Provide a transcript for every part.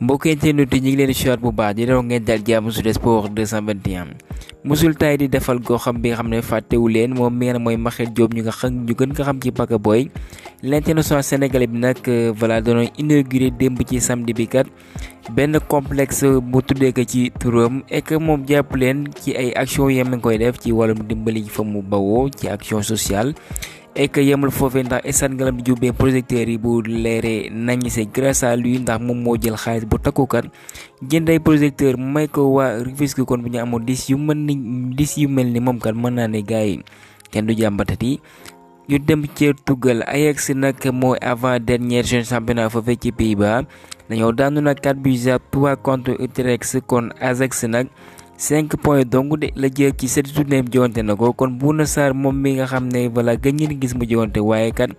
mbokk internet yi ñu ngi leen di siwaat bu baax di leen ngeen daal jàmm su sport 221 musul tay di defal goo xam bi nga xam ne fàttewu leen moom mi nga mooy Maxel Diop ñu nga xam ñu gën nga xam ci Paka Boy l'international sénégalais bi nag euh, voilà danoon inauguré démb ci samedi bi kat benn complex mu tuddee ko ci turam et que moom jàpp leen ci ay action yem ngi koy def ci wàllum dimbali fa mu bawoo ci action sociale et que yemul foofee ndax Estade Ngalandou Diouf bee projecteurs yi bu leeree nañ c'est grâce à lui ndax moom moo jël xaalis bu takkukat jënday projecteur may ko waa Rufisque kon bu ñu amoon dis yu mën yu mel ni moom kat mën naa ne gars yi kenn du jàmbatati ñu dem ci tuggal Ajax nag mooy avant dernière jeune championnat foofee ci Pays-Bas dañoo daanu nag 4 buts à 3 contre Utrecht kon Ajax nag. cinq points dong de la jël ci sept tournée bi joonte na ko kon Bouna Sarr moom mi nga xam ne voilà gën ngeen gis mu joonte waaye kat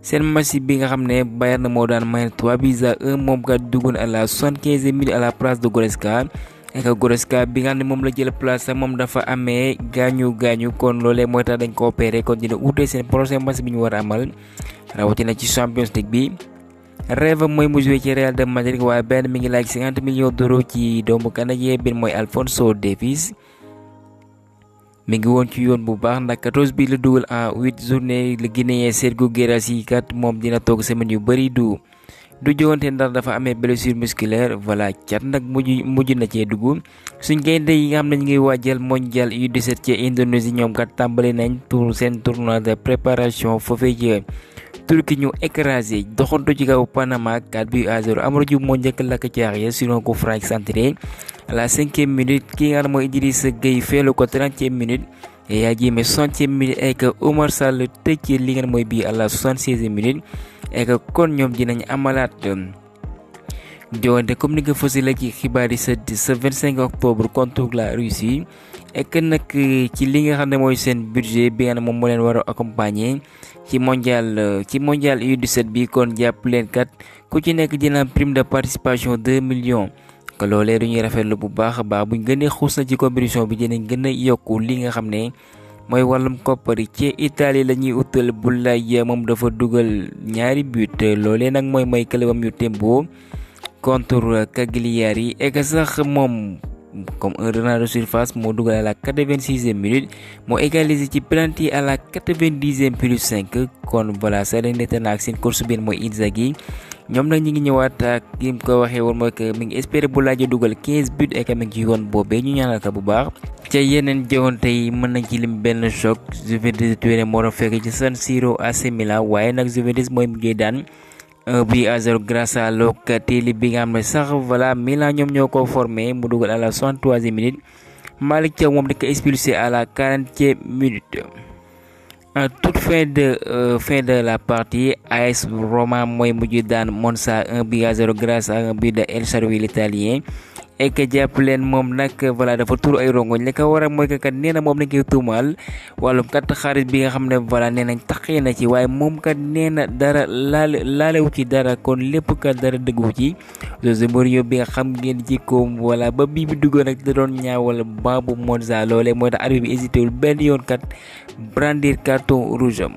seen match bi nga xam ne na moo daan may 3 buts à moom kat duggoon à la soixante-quinzième minute à la place de Goretzka ak Goretzka bi nga xam ne moom la jël place moom dafa amee gaañu gaañu kon loole mooy tax dañ ko opéré kon dina uute seen prochain match bi ñu war a amal rawatina ci Champions League bi. rêve Moy mu joué ci Real de Madrid waaye benn mi ngi laaj 50 millions d'euros ci doomu canadien bi mooy Alphonso Davies mi ngi woon ci yoon bu baax ndax 14 bi la dugal en 8 journée le guinéen Sergio Guirassy kat mom dina toog semaine yu bëri du du jogante ndax dafa amee blessure musculaire voilà cat nag mujj mujj na cee dugg suñ gaynde yi nga xam ne ñu ngi mondial U17 ci Indonésie ñoom kat tàmbali nañ tour seen tournoi de préparation foofee Turki ñu écrasé doxantu ci kaw Panama 4 buts à 0 Amara Diouf moo njëkk lakk ci arrière sinon ko Franck Santré la cinquième minute ki nga xam mooy Idrissa Gueye feelu ko trentième minute Yaya Jammeh soixantième minute ak Omar Sall tëj ci li nga mooy bii à la soixante-seizième minute ak kon ñoom dinañ amalaat joonte euh, comme ni nga fësale ci xibaar yi sa sa octobre contre la Russie ek nag euh, ci li nga xam ne mooy seen budget bi nga ne moom moo leen ci mondial euh, ci mondial U17 bi kon jàpp leen kat ku ci nekk dina prime de participation 2 millions que loolee du ñuy rafetlu bu baax a baax buñ gën a xuus na ci compétition bi dinañ gën a yokku li nga xam ne mooy koppari ci Italie la ñuy dafa dugal ñaari but loolee nag mooy may këlëbam yu tembo contre Cagliari et que sax comme un renard de surface moo dugal à la 86e minute moo égalisé ci penalty à la 90e plus 5 kon voilà sa leen nette na ak seen course benn mooy Inzaghi ñoom nag ñi ngi ñëwaat ak li mu ko waxee woon mooy que mi ngi espérer bu laajee dugal 15 buts et que mi ci yoon boobee ñu ñaanal ko bu baax. ca yeneen jëwante yi mën nañ ci lim benn choc moo doon fekk ci San Siro AC Milan waaye nag Juventus mooy mujjee daan. bi à 0 grâce à Locatelli bi nga xam ne sax voilà Milan ñoom ñoo ko formé mu dugal à la 63e minute Malick Thiaw moom di expulsé à la 40e minute. en toute fin de fin de la partie AS Roma mooy mujj daan Monza 1 eh, bi à 0 grâce eh, à un but de El Shaarawy l'Italien ek jàpp leen moom nag voilà dafa tuur ay rongoñ li ko war a mooy kat nee na moom lañ koy tuumaal wàllum kat xarit bi nga xam ne voilà nee nañ taxee na ci waaye moom kat nee na dara laale laalewu ci dara kon lépp kat dara dëggu ci José Mourinho bi nga xam ngeen jikkoom wala ba bii bi duggoon nag da doon ñaawal Babou Monza loole mooy tax arbitre bi hésité wul benn yoon kat brandir carton rouge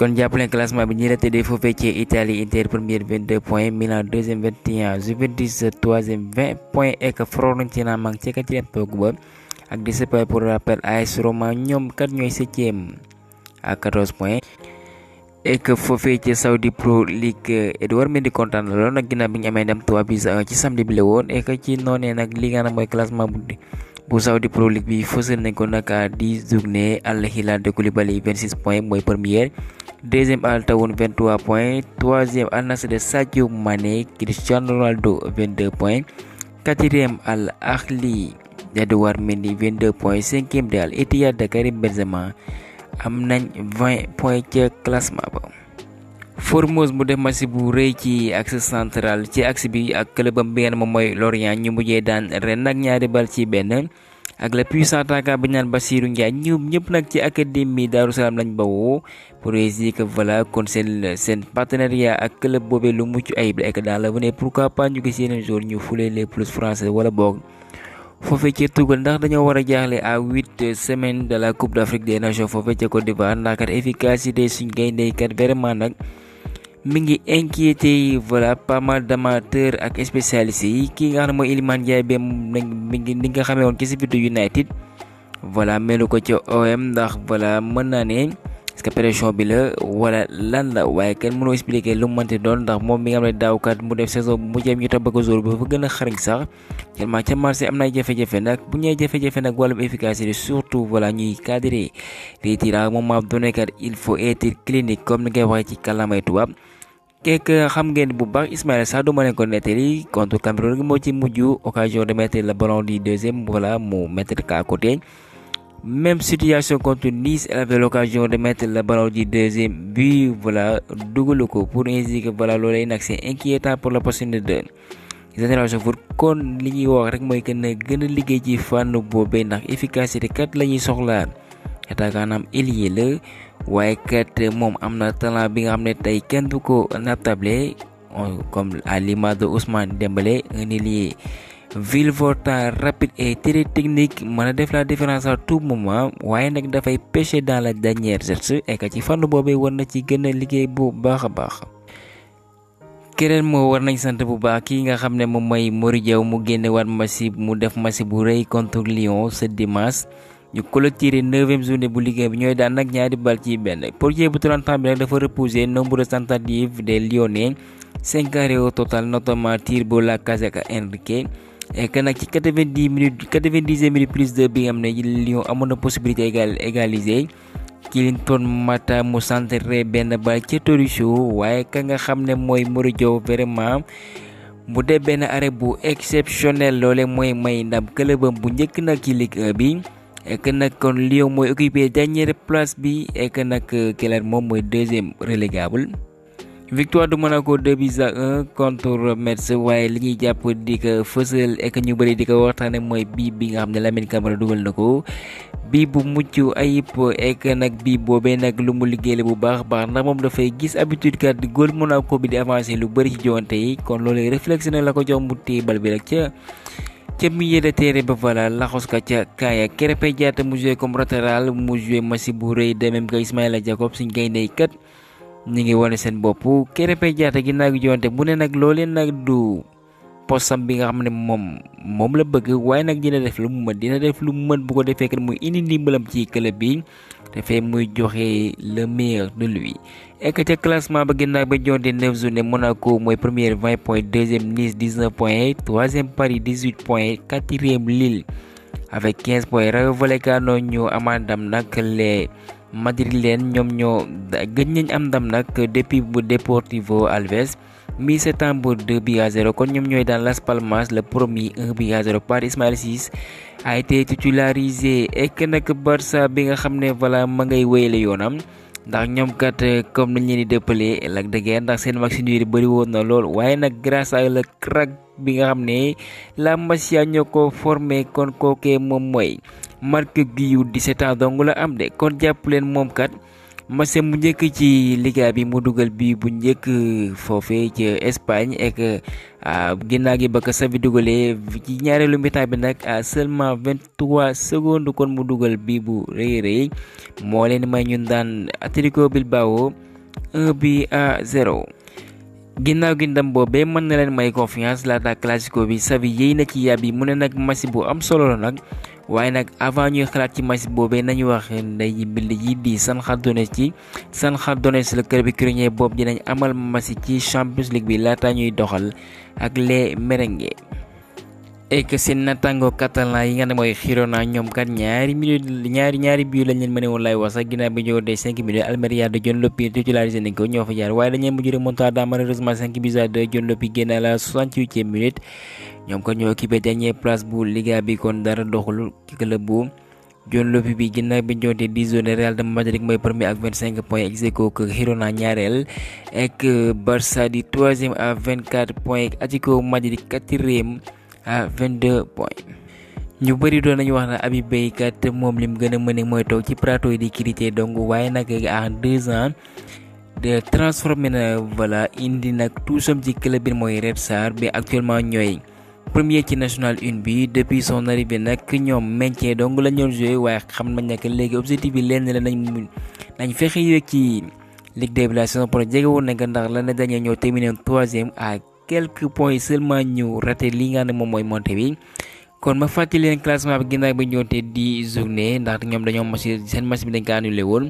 kon jàppale classement bi ñi la de foofee ci Italie Inter première 22 points Milan deuxième 21 Juventus troisième 20 points ak ñoom kat ñooy septième ak 14 points. foofee ci Saudi Pro League Edouard Mendy kontaan la lool nag ginnaaw bi ñu amee ndam 3 bis ci samedi bi li mooy classement bu bu Saudi Pro League bi fësal nañ ko nag à 10 journée Al Hilal de Koulibaly 26 points mooy première. Deuxième Alta 23 points. Troisième Al-Nasr de Sadio Mane, Cristiano Ronaldo 22 points. Quatrième Al-Akhli d'Edouard Mendy 22 points. Cinquième de Al-Ittihad de Karim Benzema am nañ 20 points ca classement ba. Formose mu def match bu rëy ci axe central ci axe bi ak clubam bi ngeen moom Lorient ñu mujjee daan ren nag ñaari bal ci benn. ak le puissant attaquant bi ñaan Bassirou Ndiaye ñoom ñëpp nag ci académie Darou Salam lañ bawoo pour dire que voilà kon seen seen partenariat ak club boobee lu mucc ayib la ek dans l'avenir pourquoi pas ñu gis yeneen joueurs ñu fule les plus français wala boog. foofee ci tugal ndax dañoo war a jaaxle à huit semaine de la coupe d' afrique des nations foofee ca Côte d'Ivoire ndax kat efficacité suñ gayndeykat vraiment nag. mingi ngi inquiété yi voilà pas ak spécialistes yi ki nga xam ne Iliman Ndiaye ba mingi ngi ni nga xamee woon ci Sheffield United wala melu ko ci OM ndax voilà mën naa ne est-ce pression bi la wala lan la waaye kenn mënoo expliquer lu mënti doon ndax moom mi nga xam ne daawkat mu def saison bu mujjee ñu tabb ko jour bi fa gën a xarañ sax tellement ca marché am na ay jafe-jafe nag bu ñëwee jafe-jafe nag wàllum efficacité surtout voilà ñuy cadrer les tirs à donné car il faut être clinique comme ni ngay waxee ci kàllaamay tubaab Keke xamngeen bu baax Ismaïla Sadou mo len ko nettali contre Cameroun gi mo ci mujju occasion de mettre le ballon deuxième voilà mu mettre ka à côté même situation contre Nice elle avait l'occasion de mettre le ballon du deuxième but voilà dougal ko pour indiquer que voilà lolé nak c'est inquiétant pour la prochaine de génération foot kon li ñuy wax rek moy que ne gëna liggéey ci fann bobé ndax efficacité kat lañuy katakanam il yele way kat moom am na talent bi nga xam ne tey kenn du ko nattable comme à Ousmane Dembélé un ailier virevoltant rapide et très technique mën a def la différence à tout moment waaye nag dafay pêcher dans la dernière geste et que ci fànn boobee war na ci gën a liggéey bu baax baax keneen moo war nañ sant bu baax kii nga xam ne moom mooy Mory Diaw mu génne waat match mu def match bu rëy contre Lyon ce dimanche ñu clôturé neuvième journée bu liggéey bi ñooy daan nag ñaari bal ci benn projet bu 30 ans bi nag dafa reposer nombre de tentatives des Lyonnais cinq arrêts au total notamment tir bu Lacazette ak Henriquet et que nag ci 90 minutes 90e minute plus 2 bi nga xam ne Lyon amoon na possibilité égal égaliser Clinton Mata mu centré benn bal ca Tolisso waaye ka nga xam ne mooy Mory Diaw vraiment mu def benn arrêt bu exceptionnel loole mooy may ndam clubam bu njëkk nag ci Ligue bi. et que nag kon Lyon mooy occupé dernière place bi et que nag euh, Keller moom mooy deuxième relégable victoire du Monaco 2 buts à 1 contre Metz waaye li ñuy jàpp di ko fësal et que ñu bëri di ko waxtaane mooy bii bi nga xam ne Lamine Camara dugal na ko bii bu mucc ayib et que nag bii boobee nag lu mu liggéeyale bu baax baax ndax moom dafay gis habitude kat di góol Monaco bi di avancé lu bëri ci joonte yi kon loolu réflexion na la ko jox mu téye bi rek ca ca milieu de terrain ba voilà laxos ka ca kaaya Krépin Diatta mu joué comme latéral mu joué match bu rëy de même que Ismaïla Jacob suñ gayndeey kat ñu ngi wane seen bopp Krépin jaata gi nag jonte bu ne nag loolee nag du posam bi nga xam ne moom moom la bëgg waaye nag dina def lu mu mën dina def lu mu mën bu ko defee kat muy indi ndimbalam ci club bi dafay muy joxe le meilleur de lui et ca classement ba ginnaaw ba jonte neuf journée Monaco mooy première vingt point deuxième Nice dix neuf point troisième Paris dix huit point quatrième Lille avec quinze point Rayo Vallecano ñoo amaat ndam nag les Madrilènes ñoom ñoo gëj nañ am ndam nag depuis bu Deportivo Alves. mi-septembre 2 bi à 0 kon ñoom ñooy dans Las Palmas le premier eh, 1 bi à 0 par Ismail Sis a été titularisé et que nag Barça bi nga xam ne voilà ma ngay wéyale yoonam ndax ñoom kat comme nañ leen di dëppalee Lac de Guiers ndax seen match nul bëri woon na lool waaye nag grâce à le crack bi nga xam La Masia ñoo ko formé kon kookee moom mooy Marc Guiu 17 ans dong la am de kon jàpp ya leen moom kat match mu njëkk ci liga bi mu dugal bi bu njëkk foofee ci Espagne ak ah, ginnaaw gi ba ko sa dugalee ci ñaareelu mi-temps bi nag ah, seulement vingt-trois secondes kon mu dugal bi bu rëy rëy moo leen may ñun daan Athletic Bilbao 1 bi à 0. ginnaaw gi ndam boobee mën na leen may confiance laata classico bi Xavi yéy na ci yàb yi mu ne nag match bu am solo la nag waaye nag avant ñuy xalaat ci match boobee nañu wax ndey bill yi di San Cardenes ci San Cardenes le club ukrainien boobu dinañ amal match ci Champions League bi laata ñuy doxal ak les merengue ek seen natango catalan yi nga ne mooy xirona ñoom kat ñaari million ñaari ñaari biir lañ leen mëne woon lay wax sax ginnaaw bi ñëw dee 5 millions almeria de John Lopi titularisé nañ ko ñoo fa jaar waaye dañ leen mujj malheureusement 5 John Lopi génn la 68e minute ñoom kat ñoo occupé dernière place bu liga bi kon dara doxul ci club bu John Lopi bi ginnaaw bi ñëw 10 zone Real de Madrid mooy premier ak 25 points ex aequo que Girona ñaareel ak Barça di 3e à 24 points Atlético Madrid 4e à 22 points. ñu bëri doon nañu wax na Habib Beye kat moom lim gën a mën mooy toog ci plateau yi di critiquer donc waaye nag en deux ans de transformé na voilà indi nag tuusam ci club bi mooy Red Star bi actuellement ñooy premier ci national une bi depuis son arrivée nag ñoom maintien donc la ñoon joué waaye xam nañ ne léegi objectif bi lenn la nañ nañ fexe yéeg ci Ligue 2 bi la saison pro jege woon nañ ko ndax la na dañee ñoo terminé troisième ak quelques points seulement ñu raté li nga ne moom mooy monté bi kon ma fàttali leen classement bi ginnaaw bi ñëwatee di journée ndax ñoom dañoo match seen match bi dañ ko annulé woon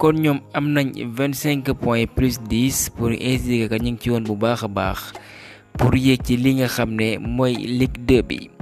kon ñoom am nañ vingt cinq points plus dix pour ainsi dire ñu ngi ci woon bu baax a baax pour yéeg ci li nga xam ne mooy Ligue de bi.